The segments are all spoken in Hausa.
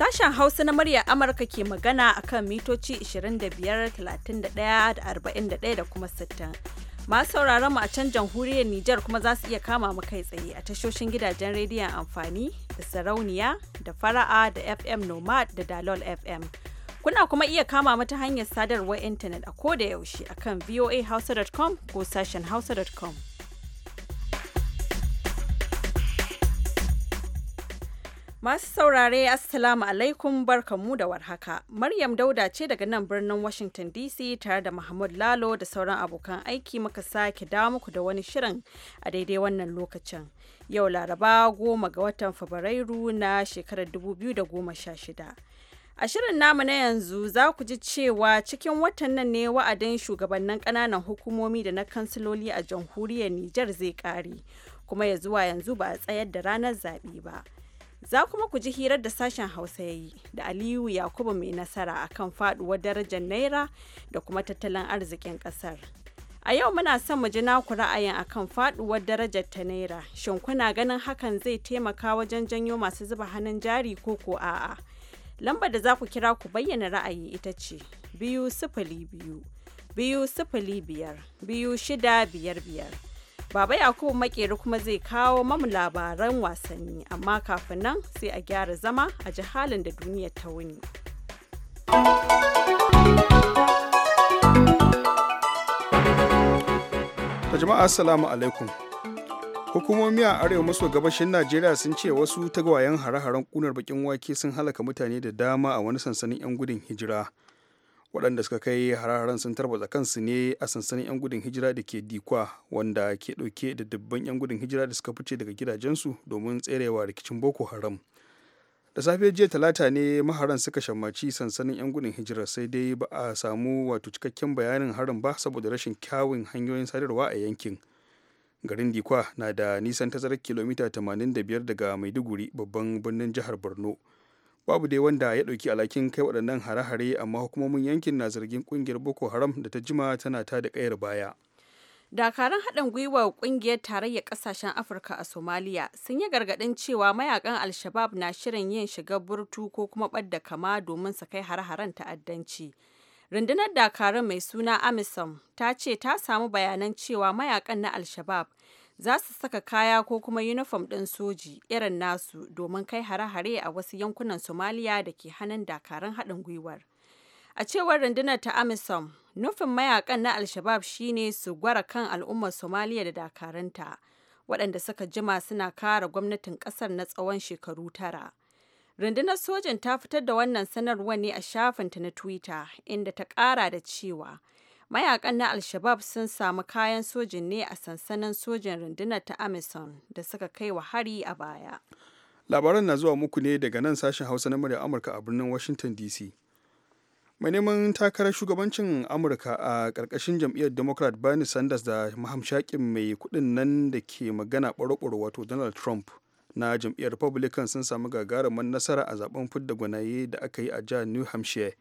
Sashen Hausa na murya Amurka ke magana akan mitoci 25, 31, 41 da kuma 60. Masu sauraron mu a can jamhuriyar Nijar kuma za su iya kama mu kai tsaye a tashoshin gidajen rediyon amfani da sarauniya da fara'a da FM Nomad da Dalol FM. Kuna kuma iya kama mu ta hanyar sadarwar intanet a ko da yaushe akan voahausa.com ko sashen hausa.com. Masu saurare Assalamu alaikum barkamu da warhaka. Maryam Dauda ce daga nan birnin Washington DC tare da Mahmud Lalo da sauran abokan aiki muka sake dawo muku da wani shirin a daidai wannan lokacin. Yau Laraba goma ga watan Fabrairu na shekarar 2016. A shirin namu na yanzu za ku ji cewa cikin watan nan ne wa'adin shugabannin ƙananan hukumomi da na kansiloli a jamhuriyar Nijar zai ƙare, kuma ya zuwa yanzu ba a tsayar da ranar zaɓe ba. Za kuma ku ji hirar da sashen Hausa ya yi da Aliyu Yakubu mai nasara akan faduwar darajar Naira da kuma tattalin arzikin ƙasar. A yau muna son mu ji naku ra'ayin akan faduwar darajar ta Naira. Shin kuna ganin hakan zai taimaka wajen janyo masu zuba hannun jari ko ko a'a? lamba da za ku kira ku bayyana ra'ayi ita ce biyu sifili biyu, biyu sifili biyar, biyu shida biyar biyar. Baba Yakubu Makeru kuma zai kawo mamu labaran wasanni amma kafin nan sai a gyara zama a ji halin da duniya ta wuni. jama'a assalamu alaikum hukumomi a arewa maso gabashin najeriya sun ce wasu tagwayen hare-haren kunar bakin wake sun halaka mutane da dama a wani sansanin 'yan gudun hijira waɗanda suka kai hararen sun tarwatsa kansu ne a sansanin 'yan gudun hijira da ke dikwa wanda ke ɗauke da dubban 'yan gudun hijira da suka fice daga gidajensu domin tserewa rikicin boko haram da safe jiya talata ne maharan suka shammaci sansanin 'yan gudun hijira sai dai ba a samu wato cikakken bayanin harin ba saboda rashin kyawun hanyoyin sadarwa a yankin garin dikwa na da nisan tazarar kilomita 85 daga maiduguri babban birnin jihar borno babu dai wanda ya ɗauki alhakin kai waɗannan hare-hare amma hukumomin yankin na zargin ƙungiyar boko haram da ta jima tana ta da ƙayar baya dakarun haɗin gwiwar ƙungiyar tarayyar ƙasashen afirka a somaliya sun yi gargaɗin cewa mayakan alshabab na shirin yin shiga burtu ko kuma ɓadda kama domin su kai hare-haren ta'addanci rundunar dakarun mai suna amisom ta ce ta samu bayanan cewa mayakan na alshabab za su saka kaya ko kuma yunifom ɗin soji irin nasu domin kai hare-hare a wasu yankunan somaliya da ke hannun dakarun haɗin gwiwar a cewar rundunar ta amisom nufin mayakan na alshabab shine su gwara kan al'ummar somaliya da dakarunta, waɗanda suka jima suna kare gwamnatin ƙasar na tsawon shekaru tara rundunar sojin ta fitar da wannan sanarwar ne a shafinta na twitter inda ta ƙara da cewa Mayakan na Al-Shabab sun samu kayan sojin ne a sansanin sojin rundunar ta Amison da suka kai wa hari a baya. Labaran na zuwa muku ne daga nan sashen Hausa na murya Amurka a birnin Washington DC. Mai neman takarar shugabancin Amurka a ƙarƙashin jam'iyyar Democrat Bernie Sanders da mahamshakin mai kuɗin nan da ke magana ɓaro wato Donald Trump. na jam'iyyar republican sun samu gagarumar nasara a zaben fidda gwanaye da aka yi a jihar new hampshire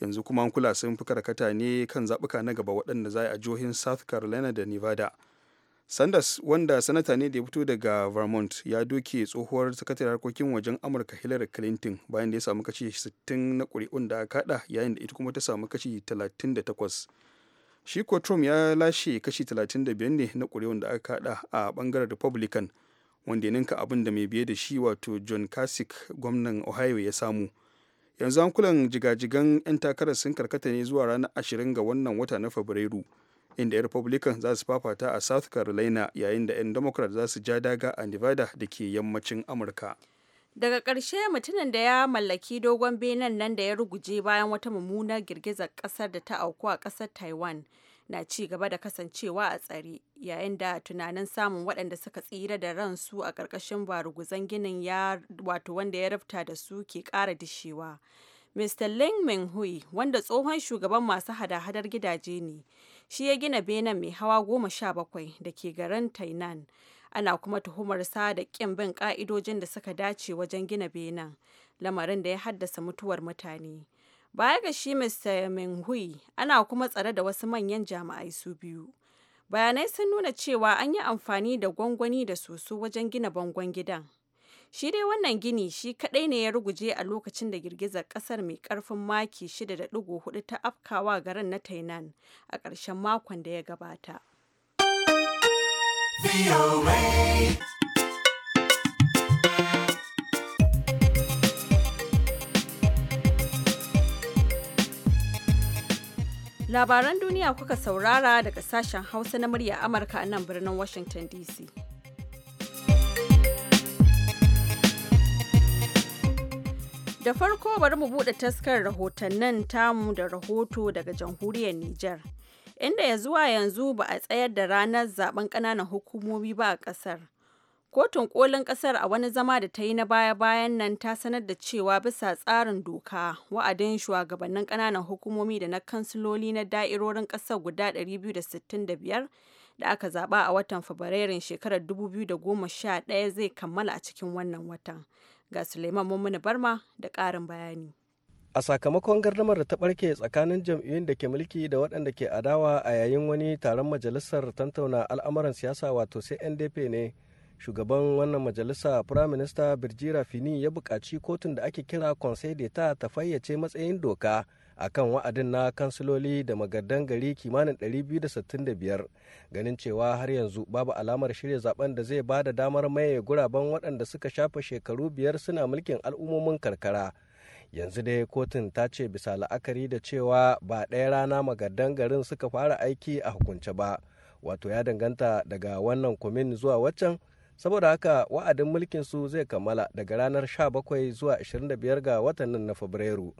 yanzu kuma an kula sun fi karkata ne kan zaɓuka na gaba waɗanda za a jihohin south carolina da nevada sanders wanda sanata ne da ya fito daga vermont ya doke tsohuwar sakatar harkokin wajen amurka hillary clinton bayan da ya samu kashi 60 na ƙuri'un da aka haɗa yayin da ita kuma ta samu kashi 38 shi ko trump ya lashe kashi 35 ne na ƙuri'un da aka haɗa a bangaren republican wanda ya ninka abin da mai biye da shi wato john kasich gwamnan ohio ya samu yanzu hankulan jigajigan 'yan takarar sun karkata ne zuwa ranar 20 ga wannan wata na fabrairu inda republican za su fafata a south carolina yayin da 'yan democrat za su ja daga a nevada da ke yammacin amurka daga ƙarshe mutumin da ya mallaki dogon benen nan da ya ruguje bayan wata mummunar girgizar ƙasar da ta auku a ƙasar taiwan na ci gaba da kasancewa a tsare yayin da tunanin samun waɗanda suka tsira da ransu a ƙarƙashin baruguzan ginin ya wato wanda ya rafta da su ke ƙara dishewa. Mr. Ling Menghui, wanda tsohon shugaban masu hada-hadar gidaje ne, shi ya gina benen mai hawa goma sha bakwai da ke garin Tainan. Ana kuma tuhumarsa da ƙin bin ƙa'idojin da suka dace wajen gina benen, lamarin da ya haddasa mutuwar mutane. Baya ga shi Mr. Menghui, ana kuma tsare da wasu manyan jami'ai su biyu. Bayanai sun nuna cewa an yi amfani da gwangwani da soso wajen gina bangon gidan. Shi dai wannan gini shi kadai ne ya ruguje a lokacin da girgizar kasar mai karfin maki 6.4 ta afkawa garin na Tainan a ƙarshen makon da ya gabata. Labaran duniya kuka saurara daga sashen Hausa na murya Amurka a nan birnin Washington DC. Da farko bari mu buɗe taskar rahotannin tamu da rahoto daga jamhuriyar Nijar. Inda ya zuwa yanzu ba a tsayar da ranar zaben ƙananan hukumomi ba a ƙasar. Kotun kolin kasar a wani zama da ta yi na baya-bayan nan ta sanar da cewa bisa tsarin doka, wa'adin shugabannin kananan hukumomi da na kansiloli na da'irorin kasar guda 265 da aka zaba a watan Fabrairun shekarar 2011 zai kammala a cikin wannan watan. Ga Suleiman Mummuni Barma da karin bayani. a sakamakon gardamar da ta barke tsakanin jam'iyyun da ke mulki da waɗanda ke adawa a yayin wani taron majalisar tantauna al'amuran siyasa wato sai ndp ne shugaban wannan majalisa prime minister birjira fini ya buƙaci kotun da ake kira conseil d'etat ta fayyace matsayin doka a kan wa'adin na kansiloli da magardan gari kimanin 265 ganin cewa har yanzu babu alamar shirya zaben da zai ba da damar maye guraben waɗanda suka shafa shekaru biyar suna mulkin al'ummomin karkara yanzu dai kotun ta ce bisa la'akari da cewa ba ɗaya rana magardan garin suka fara aiki a hukunce ba wato ya danganta daga wannan kumin zuwa waccan saboda haka wa'adin mulkin su zai kammala daga ranar 17 zuwa 25 ga watan nan na fabrairu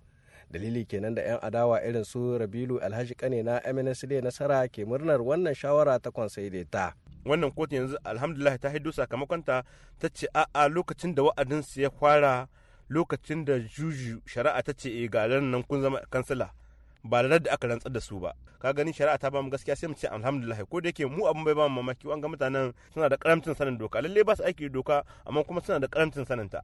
dalili kenan da 'yan adawa irin su rabilu alhaji kane na mnsd nasara ke murnar wannan shawara ta ta wannan kotun yanzu alhamdulillah ta haidu sakamakonta ta ce a'a lokacin da wa'adinsu ya fara lokacin da juju shari'a ta ce eh, ga nan kun zama kansila ba da da aka rantsar da su ba ka gani shari'a ta ba mu gaskiya sai mu ce alhamdulillah ko da yake mu abun bai ba mu mamaki wanga mutanen suna da karamcin sanin doka lalle ba su aiki doka amma kuma suna da karamcin sanin ta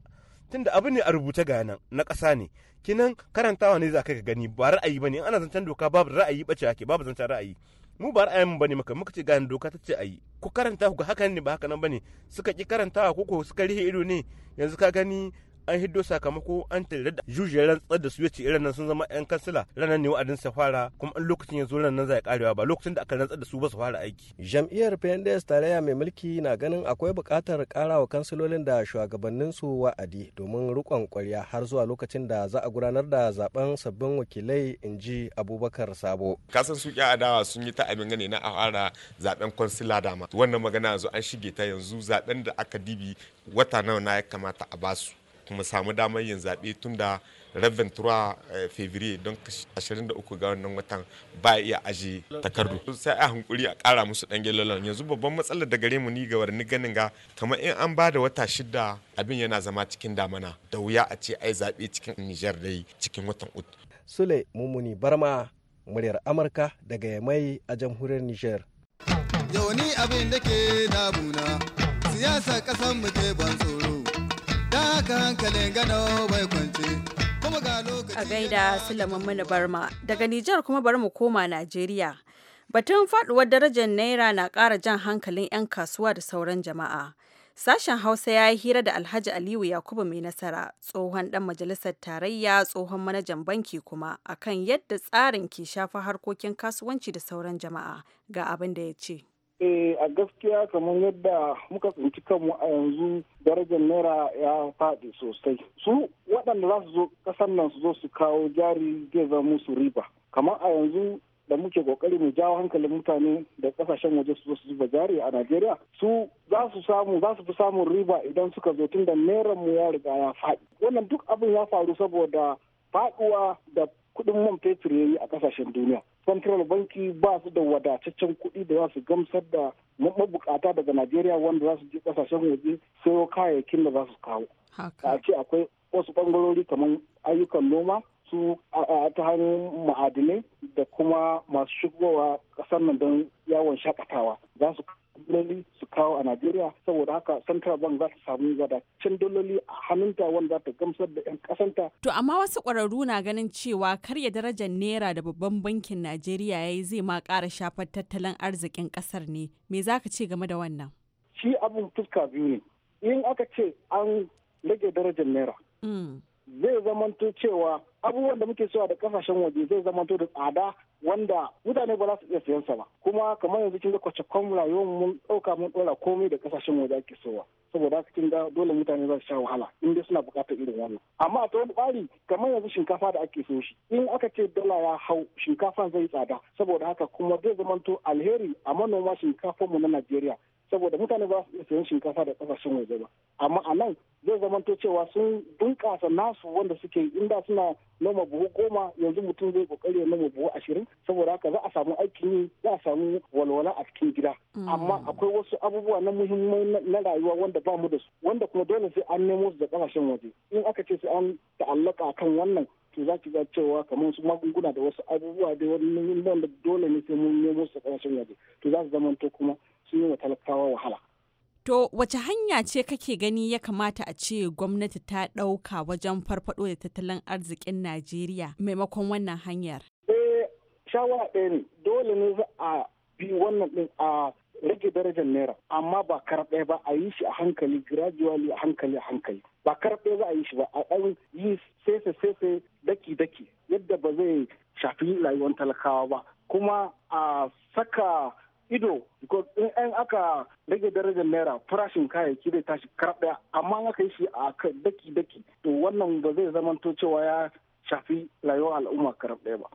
tunda abu ne a rubuta ga nan na ƙasa ne kinan karantawa ne za ka gani ba ra'ayi bane in ana zancen doka babu ra'ayi bace ake babu zancen ra'ayi mu ba ra'ayin mu bane maka muka ce gani doka ta ce ayi ku karanta ku haka ne ba haka nan bane suka ki karantawa ko ko suka rihe ido ne yanzu ka gani an hiddo sakamako an tare da jujiyar rantsar da su ya irin nan sun zama yan kansila ranar ne wa'adin sa fara kuma an lokacin ya zo ran nan zai karewa ba lokacin da aka rantsar da su ba su fara aiki jam'iyyar PNDS tarayya mai mulki na ganin akwai buƙatar karawa kansilolin da shugabannin su wa'adi domin rikon kwarya har zuwa lokacin da za a gudanar da zaben sabbin wakilai in ji Abubakar Sabo kasan su ya adawa sun yi ta abin gane na a zaben kansila dama wannan magana yanzu an shige ta yanzu zaben da aka dibi wata nawa na ya kamata a basu mu samu damar yin zaɓe tun da rabin tura eh, fevrier don 23 ga wannan watan ba iya aji takardu sai a hankuri a kara musu dan gelolon yanzu babban matsalar da gare mu ni ga warni ganin ga kamar in an ba da wata shida abin yana zama cikin damana da wuya a ce ai zaɓe cikin Nijar dai cikin watan ut Sule Mumuni Barma muryar Amurka daga Yamai a jamhuriyar Nijar Yau ni abin da ke damuna siyasa kasan mu ke ban tsoro a gaida sulamin mana barma daga Nijar kuma bari mu koma Najeriya batun faduwar darajar naira na ƙara jan hankalin 'yan kasuwa da sauran jama'a Sashen Hausa ya yi hira da Alhaji Aliyu Yakubu mai nasara tsohon dan majalisar tarayya tsohon manajan banki kuma akan yadda tsarin ke shafa harkokin kasuwanci da sauran jama'a ga abin da ya ce. eh a gaskiya kamar yadda muka tsinci kanmu a yanzu darajar naira ya faɗi sosai su waɗanda za su zo ƙasar nan su zo su kawo jari zai zama musu riba kamar a yanzu da muke kokari mu jawo hankalin mutane da kasashen waje su zo su zuba jari a Najeriya su za su samu za su fi samun riba idan suka zo tun da naira mu ya riga ya faɗi wannan duk abin ya faru saboda faɗuwa da kuɗin man fetur ya yi a kasashen duniya central banki ba su da wadataccen kuɗi da za su gamsar da mabukata daga najeriya wanda za su je kasashen waje sayo kayayyakin da za su kawo a ce akwai wasu bangarori kamar ayyukan noma su ta hanyar ma'adinai da kuma masu shigowa kasar nan don yawon shakatawa za su daloli su kawo a Najeriya saboda haka Central Bank za ta samu wadacin dololi a hannunta wanda ta gamsar da 'yan kasanta. To amma wasu kwararru na ganin cewa karya darajar naira da babban bankin Najeriya ya yi zai ma kara shafar tattalin arzikin ƙasar ne. Me za ka ce game da wannan? Shi abin fuska biyu ne. In aka ce an rage darajar naira. Mm. Zai zamanto cewa abubuwan da muke cewa da kasashen waje zai zama to da tsada wanda mutane ba za su iya sayan sa ba kuma kamar yanzu kin ga kwace kwan rayuwar mun dauka mun dora komai da kasashen waje ake sowa saboda haka kin ga dole mutane za su sha wahala in dai suna bukatar irin wannan amma a tsawon bari kamar yanzu shinkafa da ake so shi in aka ce dala ya hau shinkafa zai tsada saboda haka kuma zai zama to alheri a manoma shinkafa mu na Najeriya saboda mutane ba su iya sayan shinkafa da kasashen waje ba amma a nan zai zama cewa sun bunkasa nasu wanda suke inda suna noma buhu goma yanzu mutum zai kokari ya noma buhu ashirin saboda haka za a samu aikin yi za a samu walwala a cikin gida mm. amma akwai wasu abubuwa na muhimmai na rayuwa wanda ba mu da su wanda kuma dole sai an nemo su da kasashen waje in aka ce sai an ta'allaka kan wannan to za ki ga cewa kamar su magunguna da wasu abubuwa da wanda dole ne sai mun nemo su da kasashen waje to za su zama to kuma sun yi wa talakawa wahala To wace hanya ce kake gani ya kamata a ce gwamnati ta ɗauka wajen farfaɗo da tattalin arzikin Najeriya maimakon wannan hanyar? Eh, shawara ɗaya ne, dole ne za a bi wannan ɗin a rage darajar naira amma ba kar ɗaya ba a yi shi a hankali gradually a hankali a hankali ba kar ɗaya za a yi shi ba a ɗan yi sese sese daki daki yadda ba zai shafi rayuwar talakawa ba kuma a saka ido in an aka rage darajar naira farashin kayayyaki zai tashi karɓa amma an aka yi shi a daki daki to wannan ba zai zamanto cewa ya shafi rayuwar al'umma karɓa ba.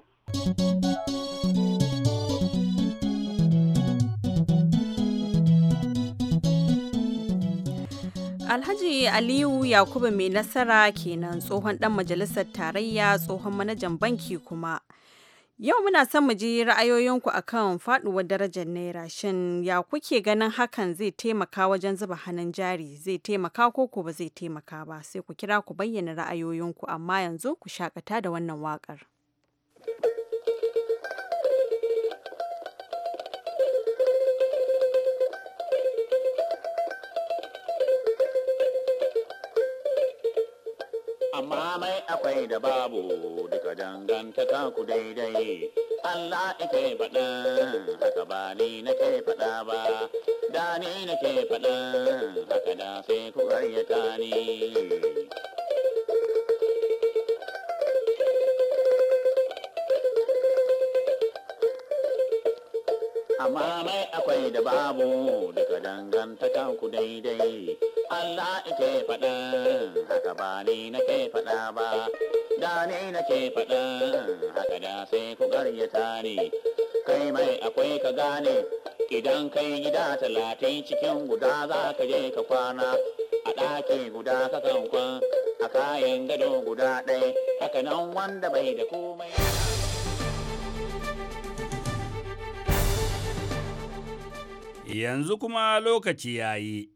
Alhaji Aliyu Yakubu mai nasara kenan tsohon dan majalisar tarayya tsohon manajan banki kuma. Yau muna son mu ji ra'ayoyinku akan faduwar darajar Naira. Shin ya kuke ganin hakan zai taimaka wajen zuba hannun jari? Zai taimaka ko ko ba zai taimaka ba? Sai ku kira ku bayyana ra'ayoyinku amma yanzu ku shakata da wannan waƙar. amma mai akwai da babu duka dangantaka ku daidai Allah ike faɗin haka ba ni nake faɗa ba da ni nake faɗin haka da sai ku ƙaryata ni amma mai akwai da babu duka dangantaka ku daidai Allah ke faɗa haka ba ni nake faɗa ba da ni nake faɗa haka da sai ku garyata ni kai mai akwai ka gane idan kai gida talatin cikin guda za ka je ka kwana a ɗaki guda ka kan a kayan gado guda ɗaya haka nan wanda bai da komai yanzu kuma lokaci ya yi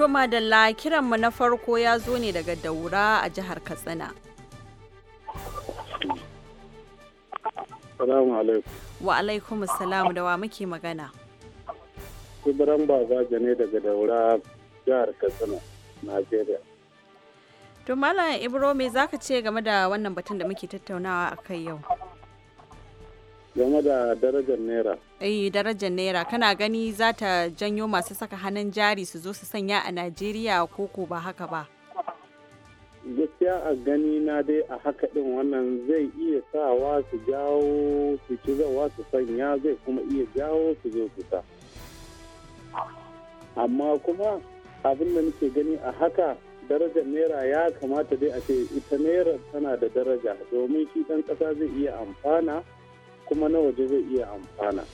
To Madalla kiranmu na farko ya zo ne daga Daura a jihar Katsina. Salamu alaikum. Wa alaikum salam da wa muke magana. Ibrahim Babaje ne daga Daura jihar Katsina, Najeriya. To Malam Ibro me zaka ce game da wannan batun da muke tattaunawa a kai yau? game da darajar naira eh darajar naira kana gani za ta janyo masu saka hannun jari su zo su sanya a najeriya ko ko ba haka ba gaskiya a gani na dai a haka din wannan zai iya sawa su jawo su ci zawa su sanya zai kuma iya jawo su zo su sa amma kuma abin da nake gani a haka darajar naira ya kamata dai a ce ita naira tana da daraja domin shi dan kasa zai iya amfana kuma na waje zai iya amfana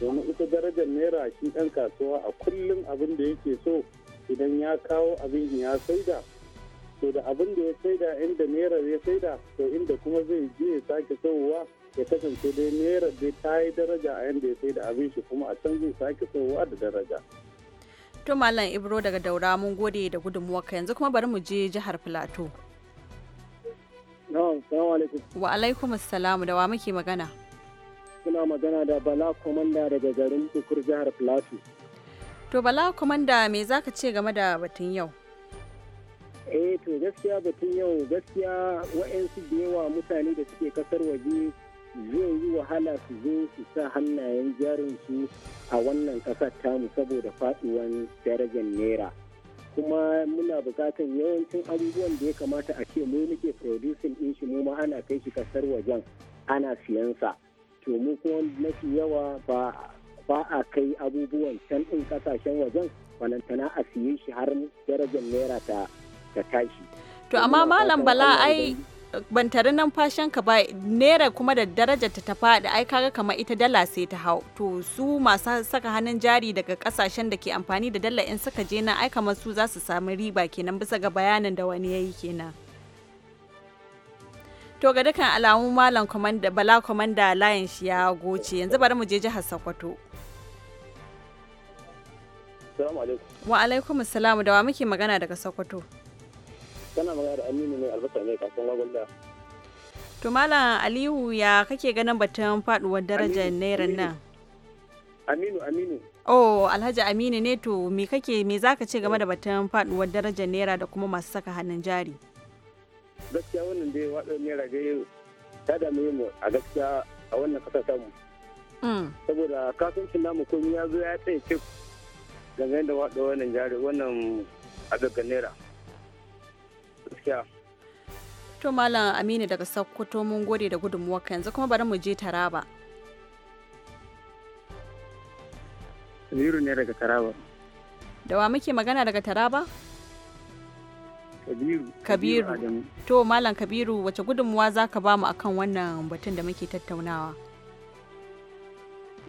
domin ita darajar naira shi ɗan kasuwa a kullum abin da yake so idan ya kawo abin ya saida to da abin da ya saida inda naira ya saida to inda kuma zai je ya sake sowa ya kasance dai naira dai ta yi daraja a yanda ya saida abin shi kuma a can zai sake sowa da daraja to malam ibro daga daura mun gode da ka yanzu kuma bari mu je jihar filato Wa alaikum assalamu da wa muke magana. Suna magana da Bala Komanda daga garin Bukur jihar Plateau. To Bala Komanda me ka ce game da batun yau? Eh to gaskiya batun yau gaskiya wa'yansu da yawa mutane da suke kasar waje zai yi wahala su zo su sa hannayen su a wannan kasar tamu saboda faɗuwan darajar naira. kuma muna bukatan yawancin abubuwan da ya kamata a ce mu muke producing din shi mu ma ana kai shi kasar wajen ana siyan sa to mu kuma mafi yawa ba ba a kai abubuwan can din kasashen wajen balantana a siye shi har darajar naira ta ta tashi to amma malam bala ai ban tari ka ba naira kuma da daraja ta faɗi ai kaga kamar ita dala sai ta hau to su masu saka hannun jari daga kasashen da ke amfani da dala in suka je nan ai kamar su za su samu riba kenan bisa ga bayanin da wani yayi kenan to ga dukkan alamu malam komanda bala komanda layin shi ya goce yanzu bari mu je jihar sokoto wa alaikum salam da wa muke magana daga sokoto kana magana da aminu ne albasa ne kasuwan gwagwalda to malam aliyu ya kake ganin batun faduwar darajar naira nan aminu aminu oh alhaji aminu ne to me kake me zaka ce game da eh. batun faduwar darajar naira da kuma masu saka hannun jari gaskiya wannan dai wadon naira dai ta dame mu a gaskiya a wannan kasar samu mm. saboda kasancin namu komai ya zo ya tsaye cikin gangan da wadon wannan jari wannan a naira gaskiya to malam aminu daga sokoto mun gode da gudunmuwar yanzu kuma bari mu je taraba Kabiru ne daga Taraba. Da wa muke magana daga Taraba? Kabiru. Kabiru. To, Malam Kabiru, wace gudunmuwa za ka ba mu akan wannan batun da muke tattaunawa?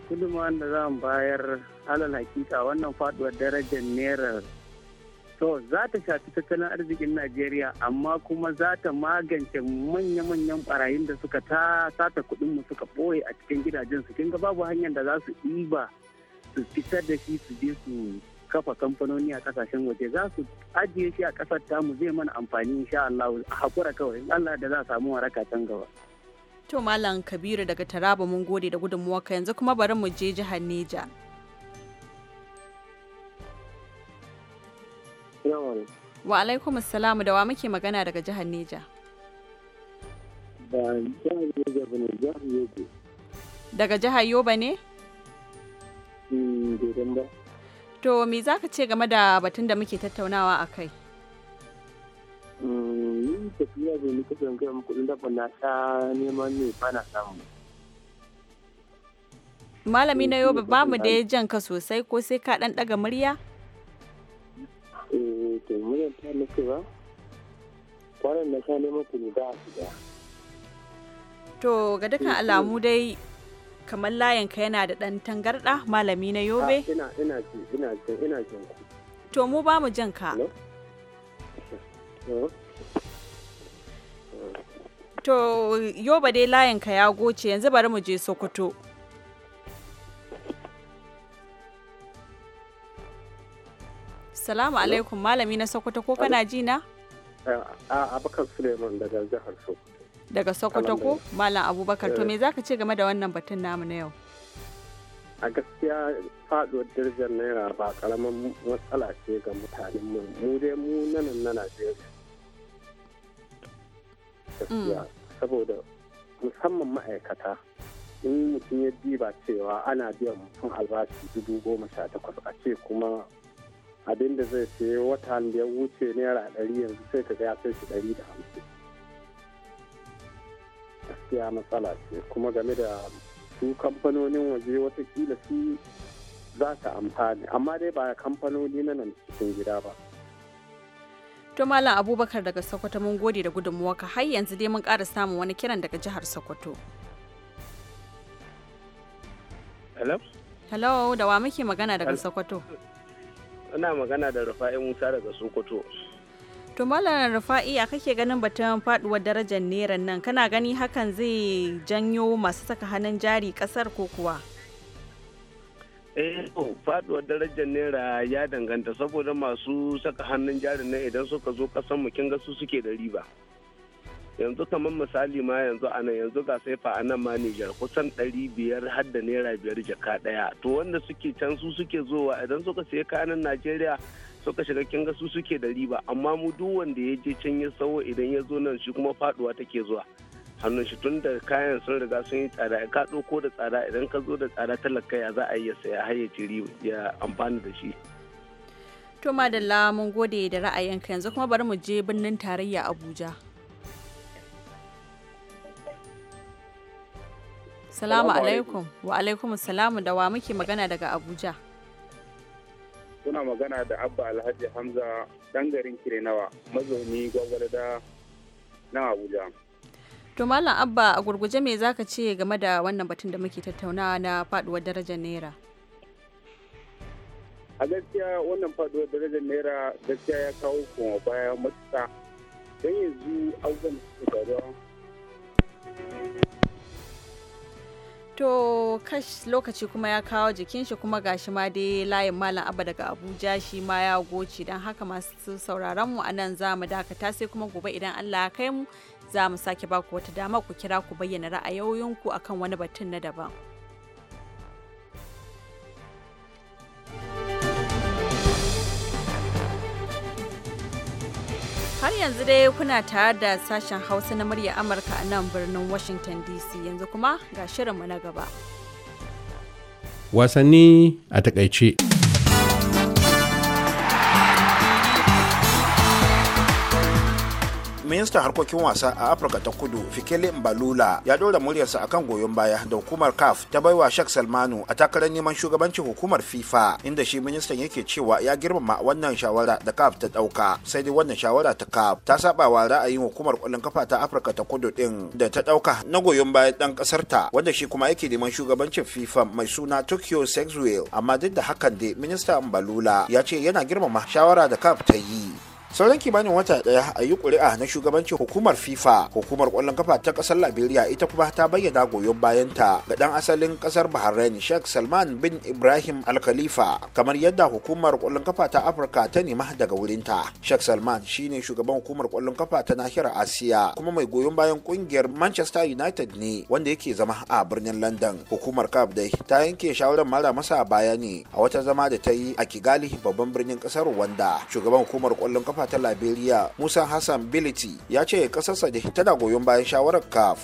Gudunmuwa da za mu bayar alal hakika wannan faduwar darajar naira to za ta shafi tattalin arzikin najeriya amma kuma za ta magance manya-manyan barayin da suka ta sata mu suka ɓoye a cikin gidajensu kin ga babu hanyar da za su iba su fitar da shi su je su kafa kamfanoni a kasashen waje za su ajiye shi a kasar mu zai mana amfani insha Allah a hakura kawai Allah da za a samu waraka can gaba to malam kabiru daga taraba mun gode da ka yanzu kuma bari mu je jihar neja Wa alaikum assalamu da wa muke magana daga jihar Neja. Daga jihar Yoba ne? Hmm, to me za ka ce game da batun da muke tattaunawa a kai? Hmm, tafiya da kudin na ta neman ne samu. Malami na Yoba hmm, ba mu da jan ka sosai ko sai ka ɗan ɗaga murya? to muryar ta muku ba kwanan na sha neman ku ne ba a shiga to ga dukkan alamu dai kamar layan ka yana da dan tangarda malami na yobe ah, ina ina ji ina ji ina jin ku to mu ba mu jin ka to yoba dai layin ka ya goce yanzu bari mu je sokoto assalamu alaikum malami na Sokoto ko kana ji na? A Abubakar Suleiman daga jihar Sokoto. Daga Sokoto ko Malam Abubakar to me eh. zaka ce game da wannan batun namu na yau? A gaskiya faduwar darajar naira ba karamin matsala ce ga mutanen mu mu dai mu nan na Najeriya. Mm. saboda musamman ma'aikata in mutum ya diba cewa ana biyan mutum albashi dubu goma sha takwas a ce kuma abinda zai sayi watan da ya wuce naira ɗari yanzu sai ka ga ya sai shi ɗari da hamsin gaskiya matsala ce kuma game da su kamfanonin waje watakila su za ta amfani amma dai ba kamfanoni na nan cikin gida ba to malam abubakar daga sokoto mun gode da gudunmuwa ka har yanzu dai mun ƙara samun wani kiran daga jihar sokoto hello hello da wa muke magana daga sokoto ina magana da rufa'i musa daga sokoto to malamin rufa'i a kake ganin batun faduwar darajar naira nan kana gani hakan zai janyo masu saka hannun jari kasar ko kuwa eh faduwar darajar naira ya danganta saboda masu saka hannun jari nan idan suka zo kasan mu kin ga su suke da riba yanzu kamar misali ma yanzu a yanzu ga sai fa nan ma Nijar kusan 500 har da naira biyar jaka ɗaya to wanda suke can su suke zowa idan suka sayi kayan Najeriya suka shiga kinga su suke da riba amma mu duk wanda ya je can ya sawo idan ya zo nan shi kuma faduwa take zuwa hannun shi tun da kayan sun riga sun yi tsada ka ɗauko da tsada idan ka zo da tsada talaka ya za a iya saya har ya ci ya amfani da shi. To Madalla mun gode da ra'ayinka yanzu kuma bari mu je birnin tarayya Abuja. Salamu alaikum. Wa alaikum salamu da wa muke magana daga Abuja. Kuna magana da Abba Alhaji Hamza ɗan garin Kirenawa, mazauni gwagwarda na Abuja. To Malam Abba a gurguje me zaka ce game da wannan batun da muke tattaunawa na faduwar darajar naira? A gaskiya wannan faduwar darajar naira gaskiya ya kawo kuma baya matuƙa don yanzu abubuwan da to kash lokaci kuma ya kawo jikin shi kuma gashi ma dai layin malam abba daga abuja shi ma ya goce don haka masu sauraron mu anan za mu dakata sai kuma gobe idan allah ya kai mu za mu sake baku wata dama ku kira ku bayyana ra'ayoyinku akan wani batun na daban. Har yanzu dai kuna tare da sashen Hausa na murya Amurka a nan birnin Washington DC yanzu kuma ga shirinmu na gaba. Wasanni a takaice. ministan harkokin wasa a afirka ta kudu fikele mbalula ya dora muryarsa akan goyon baya da hukumar caf ta baiwa shak salmanu a takarar neman shugabancin hukumar fifa inda shi ministan yake cewa ya girmama wannan shawara da caf ta dauka sai dai wannan shawara ta caf ta saba wa ra'ayin hukumar kwallon kafa ta afirka ta kudu din da ta dauka na goyon baya dan kasarta wanda shi kuma yake neman shugabancin fifa mai suna tokyo sexwell amma duk da hakan dai ministan mbalula ya ce yana girmama shawara da caf ta yi sauran kimanin wata daya a yi kuri'a na shugabancin hukumar fifa hukumar kwallon kafa ta kasar liberia ita kuma ta bayyana goyon bayanta ga dan asalin kasar bahrain sheikh salman bin ibrahim al kamar yadda hukumar kwallon kafa ta afirka ta nema daga wurinta sheikh salman shine shugaban hukumar kwallon kafa ta nahiyar asiya kuma mai goyon bayan kungiyar manchester united ne wanda yake zama a birnin london hukumar kaf dai ta yanke shawarar mara masa baya ne a wata zama da ta yi a kigali babban birnin kasar rwanda shugaban hukumar kwallon kafa ta liberia musa hassan biliti ya ce kasarsa tana goyon bayan shawarar caf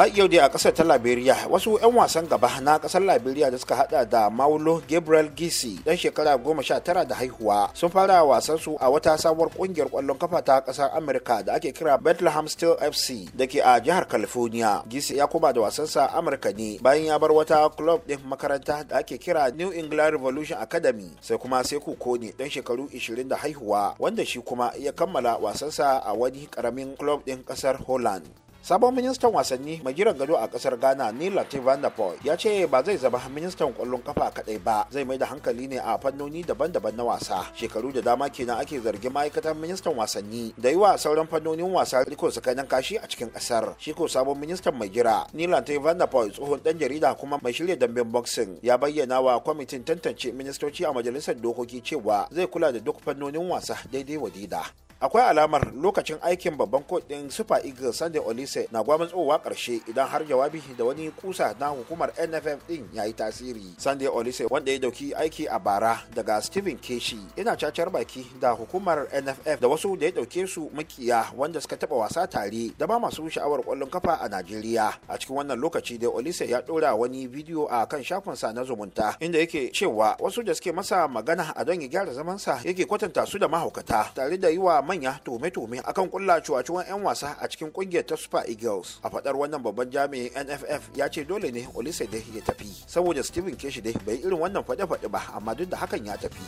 har yau dai a kasar ta liberia wasu 'yan wasan gaba na kasar liberia da suka hada da maulo gabriel gisi dan shekara goma sha tara da haihuwa sun fara wasan su a wata sabuwar kungiyar kwallon kafa ta kasar amurka da ake kira bethlehem steel fc da ke a jihar california gisi ya koma da wasan sa amurka ne bayan ya bar wata club din makaranta da ake kira new england revolution academy sai kuma sai kuko ne dan shekaru 20 da haihuwa wanda shi kuma ya kammala wasan sa a wani karamin club din kasar holland sabon ministan wasanni mai jiran gado a kasar ghana ni latif van ya ce ba zai zama ministan kwallon kafa kadai ba zai mai da hankali ne a fannoni daban-daban na wasa shekaru da dama kenan ake zargin ma'aikatan ministan wasanni da yi wa sauran fannonin wasa riko tsakanin kashi a cikin kasar shi ko sabon ministan mai jira ni latif van tsohon dan jarida kuma mai shirya damben boxing ya bayyana wa kwamitin tantance ministoci a majalisar dokoki cewa zai kula da duk fannonin wasa daidai wadida akwai alamar lokacin aikin babban kotun super eagles sunday olise na gwamnan tsohuwa karshe idan har jawabi da wani kusa na hukumar nff din ya yi tasiri sunday olise wanda ya dauki aiki a bara daga steven keshi yana cacar baki da hukumar nff da wasu da ya dauke su makiya wanda suka taba wasa tare da ba masu sha'awar kwallon kafa a najeriya a cikin wannan lokaci da olise ya dora wani bidiyo a kan shafinsa na zumunta inda yake cewa wasu da suke masa magana a don ya gyara zamansa yake kwatanta su da mahaukata tare da yi wa manya tuhume-tuhume akan kulla cuwacuwan 'yan wasa a cikin kungiyar ta super eagles a fadar wannan babban jami'in nff ya ce dole ne da ya tafi saboda steven keshi dai bai irin wannan fade-fade ba amma duk da hakan ya tafi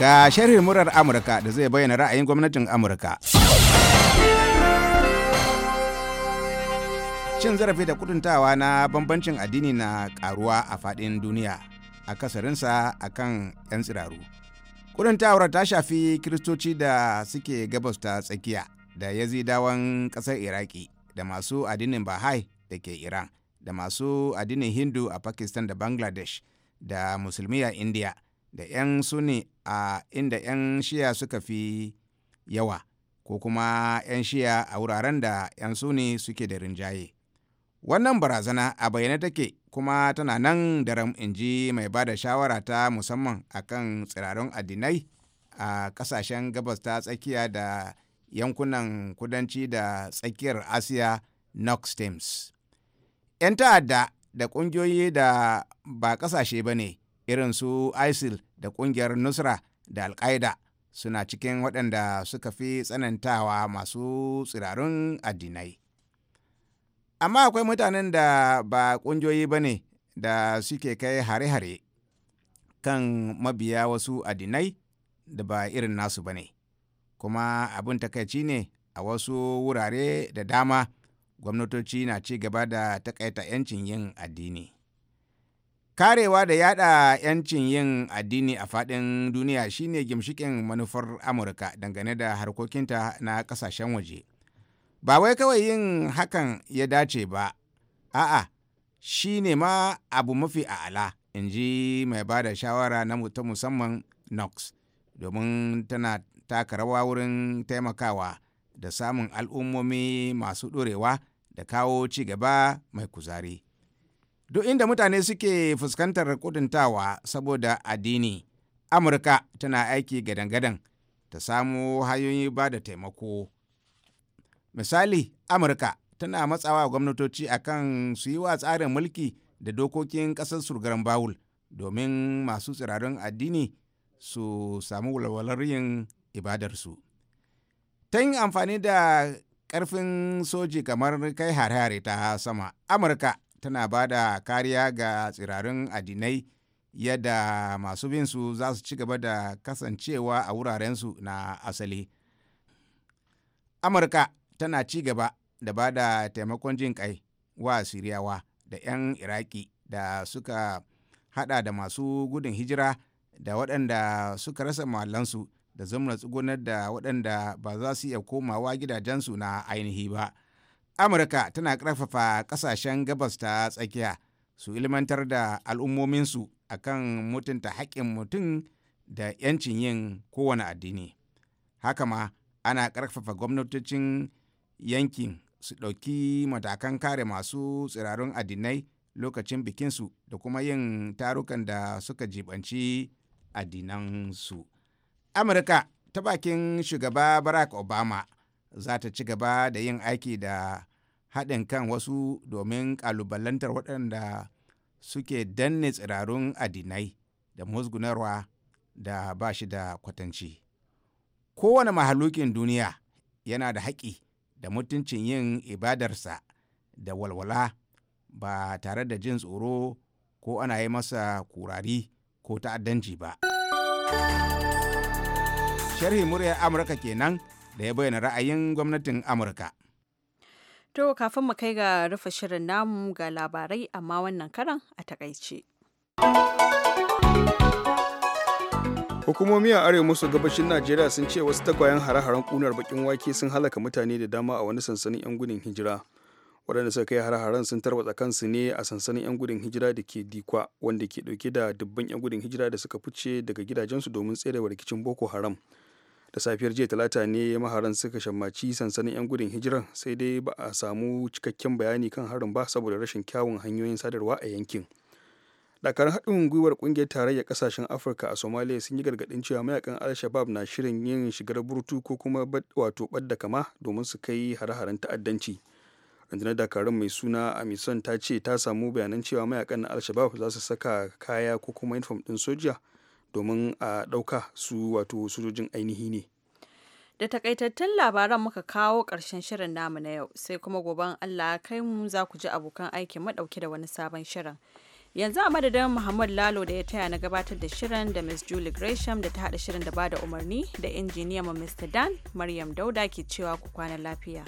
ga sharhin murar amurka da zai bayyana ra'ayin gwamnatin amurka cin zarafi da kuduntawa na bambancin addini na karuwa a faɗin duniya a kasarinsa akan 'yan tsiraru kudantawar ta shafi kiristoci da suke gabas ta tsakiya da yazidawan kasar iraki da masu addinin bahai da ke iran da masu addinin hindu a pakistan da bangladesh da musulmi a india da 'yan suni a inda 'yan shiya suka fi yawa ko kuma 'yan shiya a wuraren da 'yan suni suke da rinjaye wannan barazana a bayyane take kuma tana nan daram in ji mai ba da shawara ta musamman a kan tsirarun addinai a kasashen gabas ta tsakiya da yankunan kudanci da tsakiyar asiya nox thames 'yan ta'adda da ƙungiyoyi da ba ƙasashe ba ne irin su isil da ƙungiyar nusra da alƙaida suna cikin waɗanda suka fi tsanantawa masu tsirarun addinai amma akwai mutanen da ba kungiyoyi ba ne da suke kai hare-hare kan mabiya wasu adinai da ba irin nasu ba ne kuma abin takaici ne a wasu wurare da dama gwamnatoci na ci gaba da takaita 'yancin yin addini karewa da yada 'yancin yin addini a fadin duniya shine gimshikin manufar amurka dangane da harkokinta na kasashen waje ba wai kawai yin hakan ya dace ba a'a shi ne ma abu mafi a'ala in ji mai ba da shawara na ta musamman knox domin tana taka rawa wurin taimakawa da samun al'ummomi masu ɗorewa da kawo ci gaba mai kuzari duk inda mutane suke fuskantar kudintawa saboda addini amurka tana aiki gadan-gadan ta samo hanyoyi ba da taimako misali amurka tana matsawa gwamnatoci akan su yi wa tsarin mulki da dokokin kasar surgaran bawul domin masu tsirarin addini su samu walwalar yin ibadarsu ta yin amfani da karfin soji kamar kai hare-hare ta sama amurka tana ba da kariya ga tsirarin addinai yadda masu binsu za su ci gaba da kasancewa a wurarensu na asali amurka tana ci gaba da ba da taimakon jin kai wa siriyawa da 'yan iraki da suka hada da masu gudun hijira da waɗanda suka rasa mahallansu da zumna tsugunar da waɗanda ba za su iya komawa gidajensu na ainihi ba amurka tana ƙarfafa ƙasashen gabas ta tsakiya su ilmantar da al'ummominsu akan mutunta haƙƙin mutum da 'yancin yin kowane addini haka ma ana ƙarfafa gwamnatocin yankin su ɗauki matakan kare masu tsirarun addinai lokacin bikinsu da kuma yin tarukan da suka jibanci su Amurka ta bakin shugaba Barack Obama za ta ci gaba da yin aiki da haɗin kan wasu domin ƙalubalantar waɗanda suke danne tsirarun addinai da musgunarwa da ba shi da kwatanci. Kowane mahalukin duniya yana da haƙƙi da mutuncin yin ibadarsa da walwala ba tare da jin tsoro ko ana yi masa kurari ko ta'addanci ba. Sharhi muryar Amurka kenan da ya bayyana ra'ayin gwamnatin Amurka. To kafin mu kai ga rufe shirin namu ga labarai amma wannan karan a takaice. hukumomi a arewa maso gabashin najeriya sun ce wasu tagwayen hare-haren kunar bakin wake sun halaka mutane da dama a wani sansanin 'yan gudun hijira waɗanda suka kai hare-haren sun tarwatsa kansu ne a sansanin 'yan gudun hijira da ke dikwa wanda ke dauke da dubban 'yan gudun hijira da suka fice daga gidajensu domin tserewa rikicin boko haram da safiyar jiya talata ne maharan suka shammaci sansanin 'yan gudun hijiran sai dai ba a samu cikakken bayani kan harin ba saboda rashin kyawun hanyoyin sadarwa a yankin dakarun haɗin gwiwar ƙungiyar tarayyar ƙasashen afirka a somalia sun yi gargaɗin cewa mayakan al-shabab na shirin yin shigar burtu ko kuma wato ɓadda kama domin su kai hare-haren ta'addanci rundunar dakarun mai suna amison ta ce ta samu bayanan cewa mayakan na al-shabab za su saka kaya ko kuma uniform ɗin soja domin a ɗauka su wato sojojin ainihi ne da takaitattun labaran muka kawo ƙarshen shirin namu na yau sai kuma gobe allah kai mu za ku ji abokan aikin madauke da wani sabon shirin yanzu a madadin muhammad lalo da ya taya na gabatar da shirin da miss julie gresham da ta haɗa shirin da ba da umarni da injiniyan mr dan maryam dauda ke cewa ku kwana lafiya